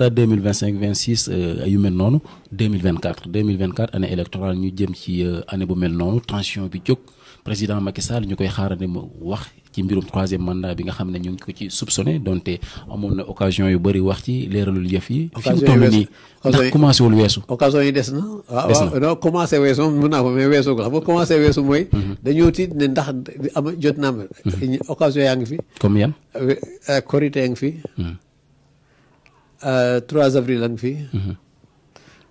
te 2025 26 yu mel noonu 2024 2024 année électorale ñu jëm ci euh, année bu mel noonu tension bi jóg président Macky ñu koy xaarandi mu wax ci mbirum troisième mandat bi nga xam ne ñu ngi ko ci soupçonné donte amoon na occasion yu bëri wax ci leeralul yëf weesu. occasion yi des na. Ah, des na waaw commencé weesu mooy. Mhm. dañoo tiit ne ndax am jot naa ma. Mhm. occasion yaa ngi fi. comme euh, yaa ngi fi. Mhm. 3 euh, avril ak fii. Mhm.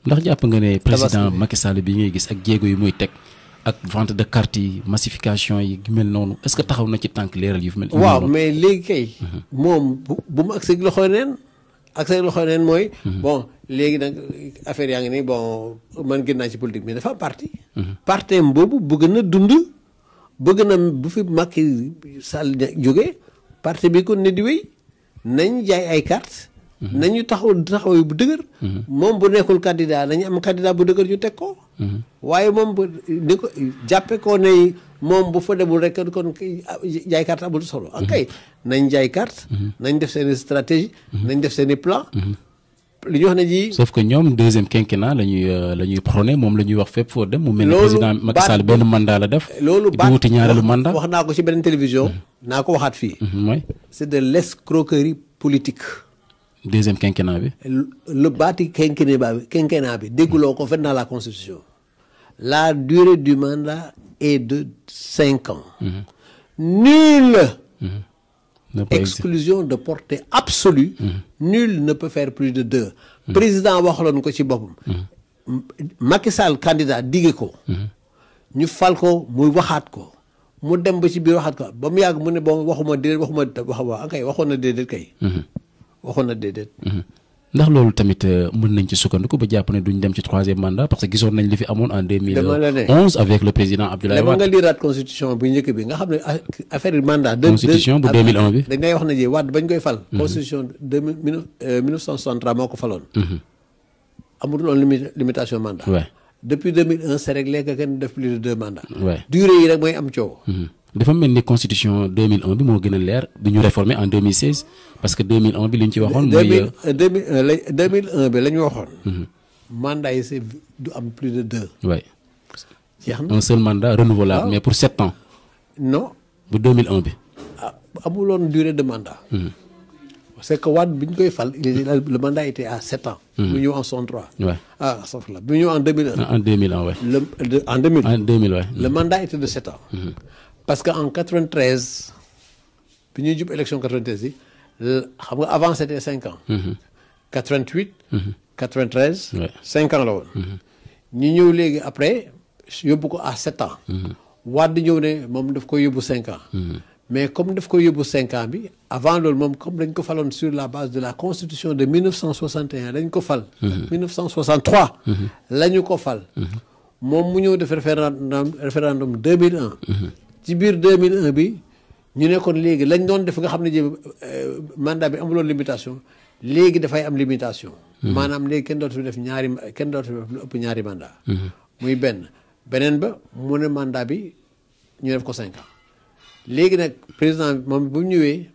ndax jàpp nga ne président Macky Sall bi ngay gis ak jéego yi muy teg ak vente de carte yi massification yi mel noonu est-ce que taxaw na ci tànk leeral yu mel. waaw mais léegi kay. Mhm. moom bu bu loxo neen ak loxo neen mooy. Mhm. bon léegi nag affaire yaa ngi nii bon man gën naa ci politique mais dafa parti. partem boobu bëgg na dund bëgg na bu fi Macky Sall jógee parti bi kon ne di wéy nañ jaay ay carte Mhm. nañu taxaw taxawaay bu dëgër. Mhm. moom bu nekkul candidat nañu am candidat bu dëgër ñu teg ko. Mhm. waaye moom bu ni ko jàppe ko ne moom bu fa demul rek kon ah, jaay carte amul solo. ok nañ jaay carte. nañ def seen i stratégie. nañ def seen i plan. li ñu wax ne ji. sauf que ñoom deuxième quinquennat la ñuy euh, la ñuy prôné moom la ñuy wax fépp foo dem. mu mel ne président Macky Sall benn mandat la def. loolu baat wuti ñaareelu mandat. wax naa ko ci beneen télévision. naa ko waxaat fii. mooy c'est de l'escroquerie politique. deuxième quinquennat bi. lu baati quinquennat bi quinquennat ko fenn dans la constitution. la durée du mandat est de cinq ans. Mhm. nul. Mhm. exclusion de portée absolue. Mhm. nul ne peut faire plus de deux. président waxaloon ko ci boppam. Macky Sall candidat digge ko. ñu fal ko muy waxaat ko. mu dem ba ci biir waxaat ko ba mu yàgg mu ne ba waxuma déedéet waxuma waxuma kay waxoon na déedéet kay. waxoon na déedéet. Mhm. ndax loolu tamit euh, mën nañ ci sukkandiku ba jàpp ne duñ dem ci troisième mandat parce que gisoon nañ li fi amoon en 2011 avec le président Abdoulaye Wade. dama nga liiraat constitution bu njëkk bi nga xam ne affaire yi mandat. de constitution bu 2001 bi. dañ lay wax ne ji Wade bañ koy fal. Mhm. Euh, moo ko faloon. Mhm. amul loon limitation mandat. depuis 2001 c'est réglé que kenn def plus de deux mandats. durée yi rek mooy am coow. dafa mel ni constitution 2001 bi moo gën a leer du ñu réformer en 2016 parce que 2001 bi li ñu ci waxoon. mooy 2001 euh, euh, euh, bi la waxoon. Mhm. mandat yi c'est du am plus de deux. waay na un seul mandat renouvelable ah. mais pour sept ans. non bu 2001 bi. ah amuloon durée de mandat. Mmh. parce que Wade bi ñu koy fal le mandat était à sept ans. bu mhm. ñëw en soixante trois. la bu ñu en deux mille en deux mille un waay. le en deux mille. en deux le mandat était de sept ans. Mhm. parce que en 93 bi ñuy jub élection 93 yi xam nga avant c'était cinq ans. 88. 93. oui cinq ans la woon. Mhm. ñu ñëw léegi après yóbbu ko a sept ans. Mhm. waa di ñëw ne moom daf koy yóbbu cinq ans. Mhm. mais comme daf ko yóbbu cinq ans bi avant loolu moom comme dañ ko faloon sur la base de la constitution de 1961 dañ ko fal. 1963. la ñu ko fal. moom mu ñëw def référendum référendum ci biir 2001 bi ñu nekkoon léegi lañ doon def nga xam ne ji euh, mandat bi amuloon limitation léegi dafay am limitation. Mm-hmm. maanaam léegi kenn dootu fi def ñaari kenn dootu fi ëpp ñaari mandat mm-hmm. muy benn beneen ba mu ne mandat bi ñu def ko cinq ans léegi nag président moom bu ñëwee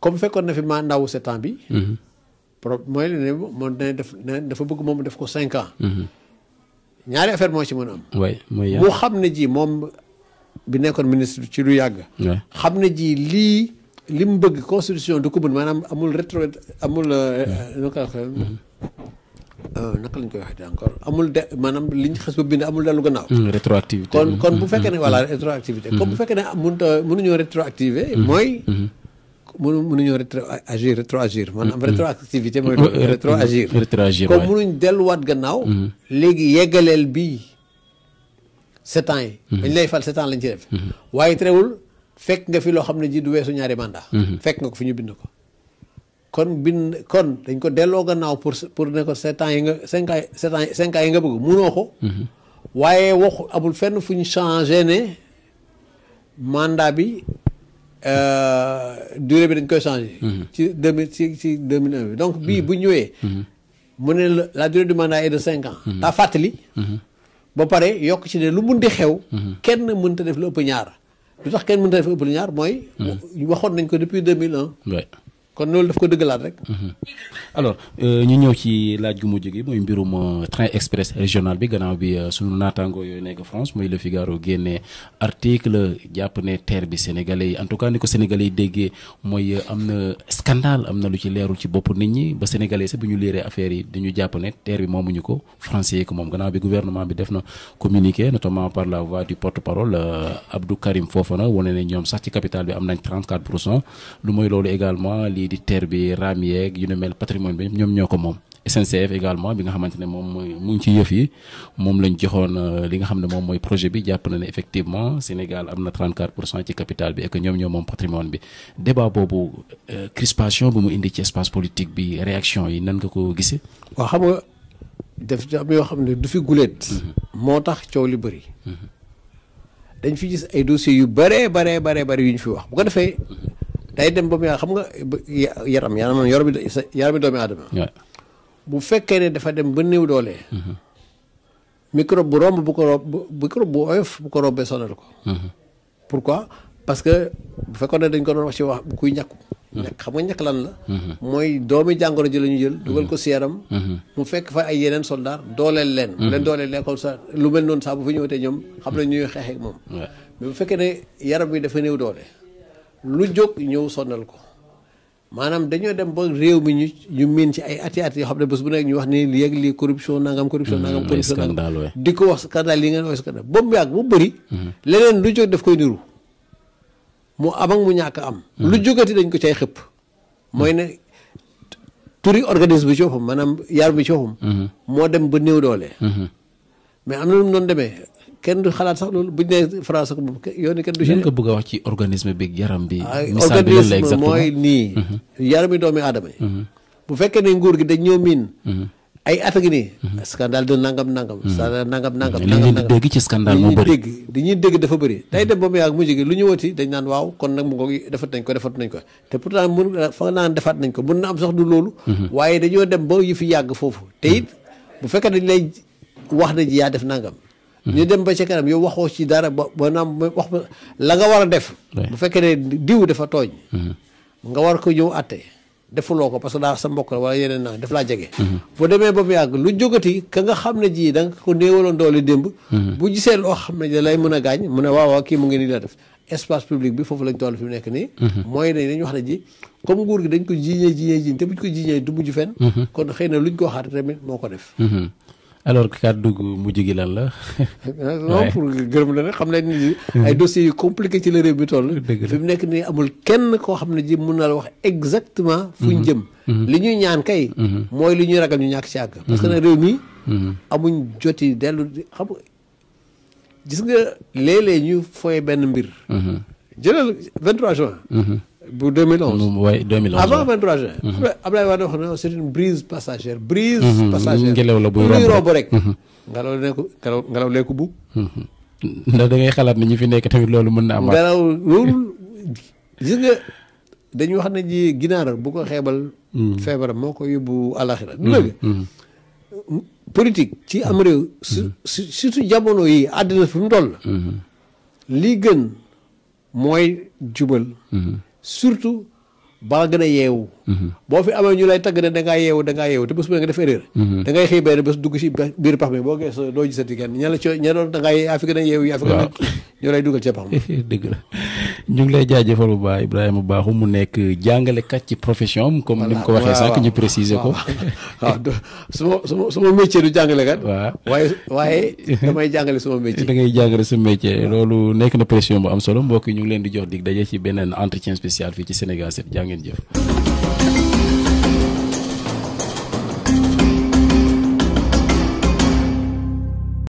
comme fekkoon na fi mandat wu sept bi. Mm-hmm. pro mooy li ne moom dana def dafa bëgg moom def ko cinq ans. ñaari affaire moo ci mën am. waay xam ne ji moom bi nekkoon ministre bi ci lu yàgg. xam ne ji lii li mu bëgg constitution du ko maanaam amul rétro amul. Euh, euh, euh, naka lañ koy waxee encore amul de maanaam liñ xas ba bind amul dellu gannaaw. Mm, rétroactivité kon kon bu mm, fekkee ne mm, voilà rétroactivité. comme mm-hmm. bu fekkee ne mënut a mënuñoo rétroactiver. Mm-hmm. mooy. mënu mm-hmm. mënuñoo rétroagir rétroagir maanaam rétroactivité mooy. rétroagir rétroagir waay comme mënuñ delluwaat gannaaw. léegi yeggaleel bii. sept ans yi. Mhm. dañ lay fal sept ans lañ ci def. Mhm. waaye terewul fekk nga fi loo xam ne jii du weesu ñaari mandat mhm. fekk nga ko fu ñu bind ko. kon bind kon dañ ko delloo gannaaw pour pour ne ko yi nga cinq ans sept yi nga bëgg munoo ko. waaye waxu amul fenn fu ñu changé ne mandat bi euh, durée bi dañ koy changé. ci deux mille ci ci deux mille un bi donc bii bu ñëwee. mu ne la durée du mandat est de cinq ans. daa fàttali. ba pare yokk ci ne lu mun di xew. Mhm. kenn mënta def lu ëpp ñaar. lu tax kenn mënta def lu ñaar mooy. Mhm. waxoon nañ ko depuis 2001. kon loolu daf ko dëggalaat rek. Mm-hmm. alors euh, ñu ñëw ci laaj gu mujj gi mooy mbirum euh, train express régional bi gannaaw bi euh, suñu naataangoo yooyu nekk France muy Le Figaro génnee article jàpp ne terre bi sénégalais yi en tout cas ni ko sénégalais yi déggee mooy am na scandale am na lu ci leerul ci bopp nit ñi ba sénégalais sax bi ñu liiree affaire yi du ñu jàpp ne terre bi moomuñu ko français yi ko moom gannaaw bi gouvernement bi def na communiqué notamment par la voix du porte-parole Abdou Karim Fofana wane ne ñoom sax ci capital bi am nañ 34 pour cent lii di terre bi raam yeeg yu ne mel patrimoine bi ñoom ñoo ko moom SNCF également bi nga xamante ne moom mooy ci yëf yi moom lañ joxoon euh, li nga xam ne moom mooy projet bi jàpp na ne effectivement Sénégal am na 34 pour cent ci capital bi et ñoom ñoo moom bi débat boobu euh, crispation bu mu indi ci espace politique bi réaction yi nan nga ko gisee. waaw xam nga def am yoo xam ne du fi guleet mm-hmm. moo tax coow li bëri. Mm-hmm. dañ fi gis ay dossiers day dem ba mu xam nga yaram yaram yaram bi yaram bi doomi aadama bu fekkee ne dafa dem ba néew doole. Mm-hmm. microbe bu romb bu ko romb bu oyof bu ko rombee sonal ko. Mm-hmm. pour quoi parce que bu fekkoon ne dañ ko doon wax ci wax kuy ñàkku. Mm-hmm. ñàkk xam nga ñàkk lan la. mooy doomi jàngoro jël la ñu jël. dugal ko si yaram. mu fekk fa ay yeneen soldaar dooleel leen. bu leen dooleel leen comme lu mel noonu saa bu fi ñëwatee ñoom. xam na ñuy xeex moom. mais bu fekkee ne yaram wi dafa néew doole. lu jóg ñëw sonal ko maanaam dañoo dem ba réew mi ñu ñu miin ci ay ati at yoo xam ne bés bu nekk ñu wax ni lii ak lii corruption nangam. corruption mm-hmm. nangam corruption nangam di ko wax scandale yi ngeen wax scandale ba mu yàgg bëri. Mm-hmm. leneen lu jóg def koy niru mu am ak mu ñàkk am. Mm-hmm. lu jógati dañ ko cay xëpp. mooy ne turi organisme bi ci boppam maanaam yar bi ci boppam. moo dem ba néew doole. mais am na lu mu demee kenn du xalaat sax loolu bu ñu nee France ak moom yoonu nga bëgg a wax ci organisme bi yaram bi. misaal bi la organisme mooy nii. Mhm. yarami doomi aadama yi. Mhm. bu fekkee ne nguur gi dañ ñoo miin. Mhm. ay at a ngi nii. scandale de nangam nangam. scandale nangam nangam nangam nangam dégg ci scandale moo bëri dégg dañuy dégg dafa bëri. day dem ba mu yàgg mujj gi lu ñu dañ naan waaw kon nag defat nañ ko defat nañ ko te pourtant mun fa naan defaat nañ ko mun na sax du loolu. waaye dañoo dem ba fi yàgg foofu. te bu fekkee dañ lay wax na ji yaa def nangam. ñu dem ba ca kanam yow waxoo ci dara ba ba naam wax la nga war a def. bu fekkee ne diw dafa tooñ. Mhm. nga war ko ñëw àtte. defuloo ko parce que daa sa mbokk la wala yeneen naa def laa jege. Mhm. bu demee ba mu yàgg lu jógati ka nga xam ne ji da nga ko néewaloon doole démb. Mhm. bu gisee loo xam ne da lay mën a gaañ mu ne waaw waaw kii mu ngi nii la def espace public bi foofu lañ toll fi mu nekk nii. mooy ne dañu wax ne ji comme nguur gi dañ ko jiiñee jiiñee jiiñ te buñ ko jiiñee du mujj fenn. kon xëy na luñ ko waxaat tamit ko def. alors que kàddu gu mujj la. non pour gërëm la nag xam nañ ni mhm. ay dossiers yu compliqué ci la réew bi toll. dëgg fi mu nekk nii amul kenn koo xam ne ji mun na la wax exactement. fu ñu mhm. jëm. Mhm. li ñuy ñaan kay. mooy li ñuy ragal ñu ñàkk ci àgg. parce que réew mi. amuñ joti dellu xam gis nga léeg ñu fooy benn mbir. jëlal 23 juin. bu 2011 oui 2011 avant 23 juin. Abdoulaye Wade wax na c'est une brise passagère brise mhm. passagère ngelaw la buy romb rek mhm. ngelaw nekk ngelaw ngelaw lekku bu mhm. ndax da ngay xalaat ne ñi fi nekk tamit loolu mën na am ngelaw loolu gis nga dañu wax ne ji ginaar bu ko xeebal feebaram moo ko yóbbu àlaxira léegi politique ci am réew jamono yi àddina fi mu toll lii gën mooy jubal surtout bala gën a yeewu boo fi amee ñu lay tagg ne da ngaa yeewu da ngaa yeewu te bés bu ne nga def erreur mhm. da ngay xëy benn bés dugg si biir pax mi boo gees doo gisati kenn ña la ñu ngi lay jaajëfal bu baax Ibrahima Bakhoum mu nekk jàngalekat ci profession am comme ni mu ko waxee sànq ñu préciser ko waaw suma suma suma métier du jàngalekat waaw waaye waaye damay jàngale suma métier da ngay jàngale sa métier loolu nekk na pression bu am solo mbokk ñu ngi leen di jox dig daje ci beneen entretien spécial fii ci Sénégal 7 jaa ngeen jëf